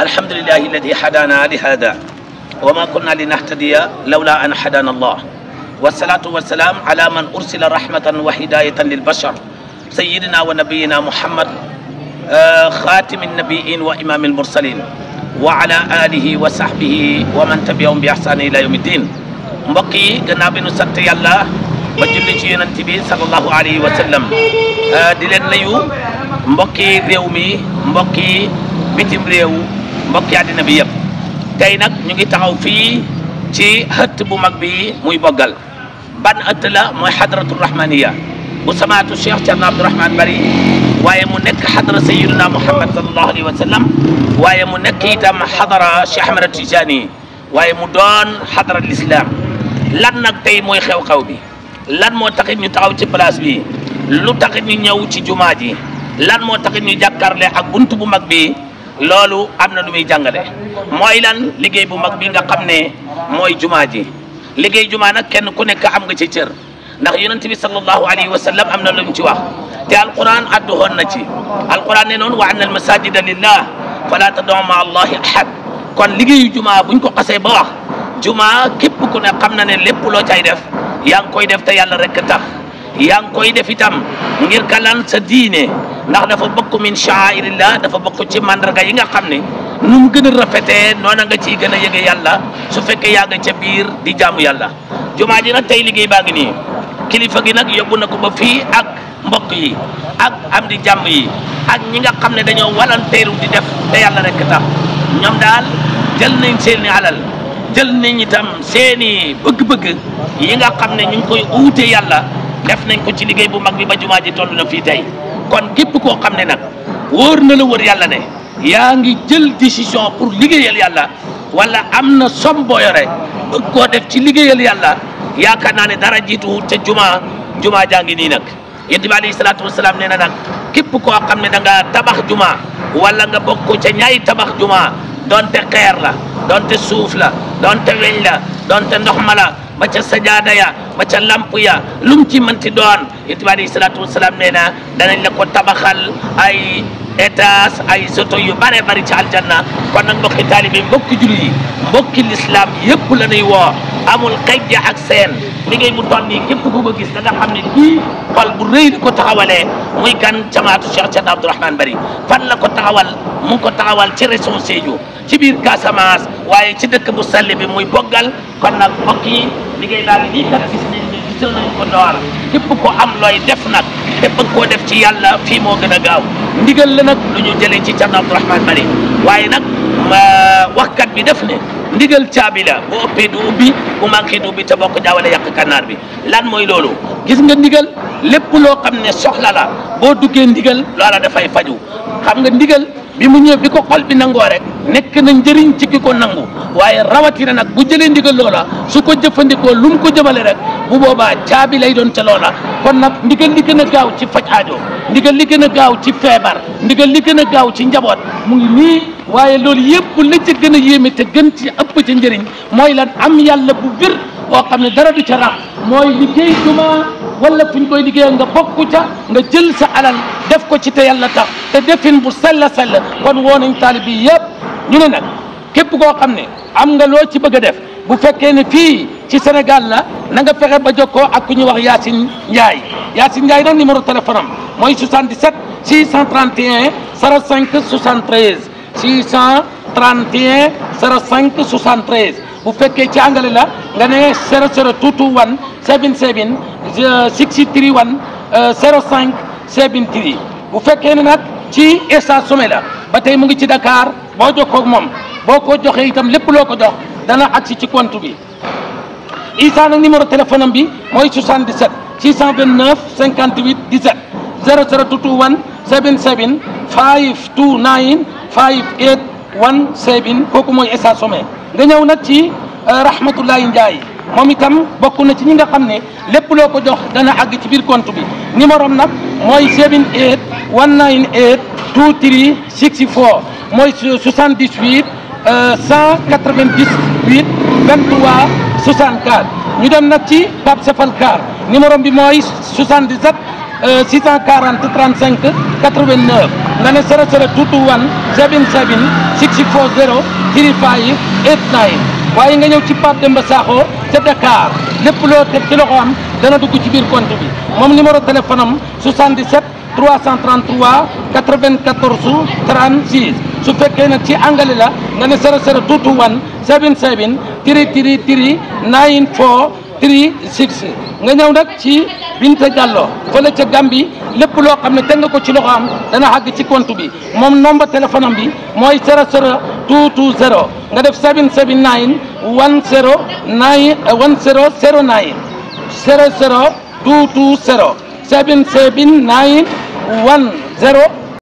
الحمد لله الذي حدانا لهذا وما كنا لنهتدي لولا أن حدانا الله والصلاة والسلام على من أرسل رحمة وهداية للبشر سيدنا ونبينا محمد خاتم النبيين وإمام المرسلين وعلى آله وصحبه ومن تبعهم بإحسان إلى يوم الدين مبقي جناب gannaaw الله بجل جينا yàlla صلى الله عليه وسلم bi sallallahu مبقي ريومي مبقي بتم ريو mbokki àddina bi yëpp tey nag ñu ngi taxaw fii ci ëtt bu mag bi muy boggal ban ëtt la mooy xadratu rahmaniya bu samaatu cheikh Thierno Abdourahmane Bari waaye mu nekk xadara sayiduna muhammad salallahu alayhi wa sallam waaye mu nekk itam xadara cheikh Ahmad waaye mu doon xadara lislaam lan nag tey mooy xew-xew bi lan moo taxit ñu taxaw ci place bi lu taxit ñu ñëw ci jumaa ji lan moo taxit ñu jàkkaarle ak bunt bu mag bi loolu am na lu muy jàngale mooy liggéey bu mag bi nga xam ne mooy jumaa ji liggéey jumaa nag kenn ku nekk am nga ci cër ndax yonent bi sallallahu alayhi wa sallam am na lu mu ci wax te alquran addu hoon na ci alquran ne noonu wa anna almasajida lillah fala tad'u ma allahi ahad kon liggéeyu jumaa buñ ko xasee ba wax jumaa képp ku ne xam na ne lépp loo cay def yaa ngi koy def te yàlla rek tax yaa ngi koy def itam ngir kalan sa diine ndax dafa bokk min sha'airillah dafa bokk ci mandarga yi nga xam ne nu mu gën a rafetee noona nga ciy gën a yëge yàlla su fekkee yaa nga ca di jàmm yàlla jumaa ji nag tey liggéey baa ngi nii kilifa gi nag yóbbu na ko ba fii ak mbokk yi ak am di jàmm yi ak ñi nga xam ne dañoo walanteeru di def te yàlla rek tax ñoom daal jël nañ seeni alal jël nañ itam seeni bëgg-bëgg yi nga xam ne ñu ngi koy uute yàlla def nañ ko ci liggéey bu mag bi ba jumaa ji toll na fii tey kon képp koo xam ne nag wóor na la wër yàlla ne yaa ngi jël décision pour liggéeyal yàlla wala am na som boo yore bëgg koo def ci liggéeyal yàlla yaakaar naa ne dara jiitu ca juma jumaa jaa ngi nii nag yonent bi alayhi salaatu wasalaam nag képp koo xam ne da nga tabax juma walla nga bokk ca ñaay tabax juma donte xeer la donte suuf la donte weñ la donte ndox ma la ba ca sajaada ya ba ca lamp ya lu mu ci mënti doon yonent bi alayhi salaatu wasalaam nee na danañ la ko tabaxal ay étage ay soto yu bare bari ci aljanna kon nag mbokki taalibe mbokki jullit yi mbokki lislaam yëpp la nuy woo amul xejja ak seen li ngay mu toll nii képp ku ko gis da nga xam ne kii xol bu rëy ko taxawalee muy kan jamaatu Cheikh Cheikh Abdourahmane Bari fan la ko taxawal mu ko taxawal ci région ci biir Casamance waaye ci dëkk bu sell bi muy boggal kon nag mbokk yi li ngay daal di gisal nañ ko ndoor képp ko am looy def nag te bëgg koo def ci yàlla fii moo gën a gaaw ndigal la nag lu ñu jëlee ci Thierno Abdourahmane Mali waaye nag waxkat bi def ne ndigal caabi la bu ëppee du ubbi bu manqué du ubbi te bokk jaawale yàq kànnaar bi lan mooy loolu gis nga ndigal lépp loo xam ne soxla la boo duggee ndigal loola dafay faju xam nga ndigal bi mu ñëw bi ko xol bi nangoo rek nekk na njëriñ ci ki nangu waaye rawatina nag bu jëlee ndigal loola su ko jëfandikoo lum ko jëmale rek bu boobaa caabi lay doon ca loola kon nag ndigal li gën a gaaw ci foj aajo ndigal li gën a gaaw ci feebar ndigal li gën a gaaw ci njaboot mu ngi nii waaye loolu yëpp la ca gën a yéeme te gën ci ëpp ca njëriñ mooy lan am yàlla bu wér boo xam ne dara du ca rax mooy liggéey jumaa wala fu ñu koy liggéeya nga bokku ca nga jël sa alal def ko ci te yàlla tax te defin bu sell sell kon woo nañ taalib yi yëpp ñu ne nag képp koo xam ne am nga loo ci bëgg a def bu fekkee ne fii ci Sénégal la na nga fexe ba jokkoo ak ku ñuy wax Yacine Ndiaye Yacine Ndiaye nag numéro téléphone am mooy 77 631 05 73 631 05 73 bu fekkee ci angale la nga ne 00221 77 631 05 Sébine Tiri bu fekkee ne nag ci instant sommet la ba tey mu ngi ci dakaar boo jokkoo kook moom boo ko joxee itam lépp loo ko jox dana ak ci ci compte bi Issa nag numéro téléphone am bi mooy 77 629 58 17 0021 77 529 58 17 kooku mooy instant sommet nga ñëw nag ci euh, Rahmatullahi Ndiaye. moom itam bokk na ci ñi nga xam ne lépp loo ko jox dana àgg ci biir compte bi numéro nag mooy 78 198 23 64 mooy 78 198 23 64 ñu dem nag ci Pape Sefal Kaar numéro bi mooy 77 640 35 89 nga ne sere sere tuutu wan 77 640 35 89 waaye nga ñëw ci Pape Demba Sakho ca Dakar lépp loo teg ci loxo am dana dugg ci biir compte bi moom numéro téléphone am 77 333 94 36 su fekkee nag ci anglais la nga ne 0021 77 tiri tiri tiri 94 36 nga ñëw nag ci. Binta Diallo fële ca Gambie lépp loo xam ne teg nga ko ci loxo am dana àgg ci compte bi moom nombre téléphone am bi mooy 00 220 nga def 779 10 sero 1009 00 220 779 10